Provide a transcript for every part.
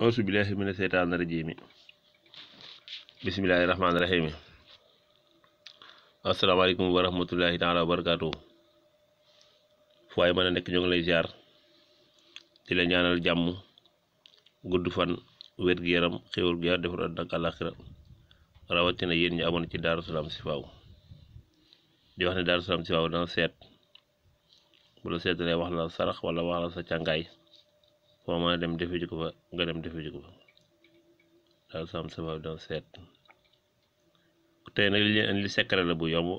auzu billaahi mina seytaani rajiimi bismillaahi rahmaani rahiimi asalaamaaleykum wa rahmatullaahi taala wa barakaatu fu waay mën a nekk ñoo ngi lay ziar di ñaanal jàmm gudd fan wér gu yaram xéwal gu yaram defar àddina ak àllaaxira rawatina yéen ñu amoon ci Daaru Salaam si faaw di wax ne Daaru si faaw dana seet bu la seetalee wax la sarax wala wax la sa càngaay. foo mën dem defe ji fa nga dem defe ji fa daal sam sabab doon seet tey nag li leen li secret la bu yomb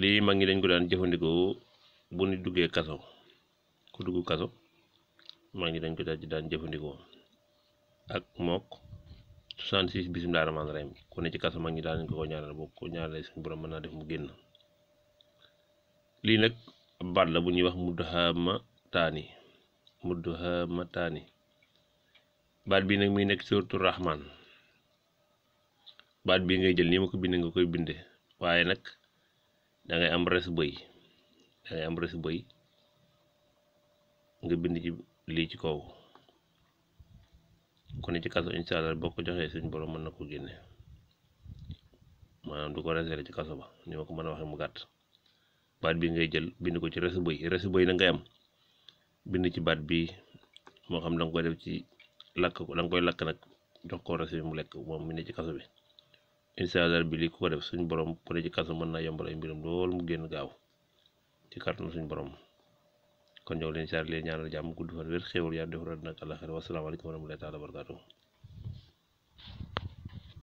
lii mag ñi dañ ko daan jëfandikoo bu ñu duggee kaso ku dugg kaso mag ñi dañ ko daan jëfandikoo ak mook 66 bisimilah rahmaani rahim ku ne ci kaso mag ñi daan nañ ko ñaanal boo ko ñaanalee suñu borom mën naa def mu génn lii nag baat la bu ñuy wax mu daxaama taani mudduhaama taani baat bi nag muy nekk suuratu rahmaan baat bi ngay jël nii ma ko bind nga koy binde waaye nag dangay am res bëy da ngay am res bëy nga bind ci lii ci kaw ku ne ci kaso incha allah boo ko joxee suñ borom mën na ko génne maanaam du ko resele ci kaso ba ni ma ko mën a wax mu gàtt baat bi ngay jël bind ko ci res bëy res bëy na ngay am bind ci baat bi moo xam da nga koy def ci lakk ko da nga koy lakk nag jox ko rase bi mu lekk moom mu ne ci kaso bi incha allah bi lii ku ko def suñ borom ku ne ci kaso mën naa yombal ay mbiram lool mu génn gaaw ci kàttanu suñ borom kon ñëw leen si àll leen ñaanal jàmm gudd fan wér xéwal yaa defal nag àllaxira wasalaamaaleykum wa rahmatullaahi taala wa barakaatuh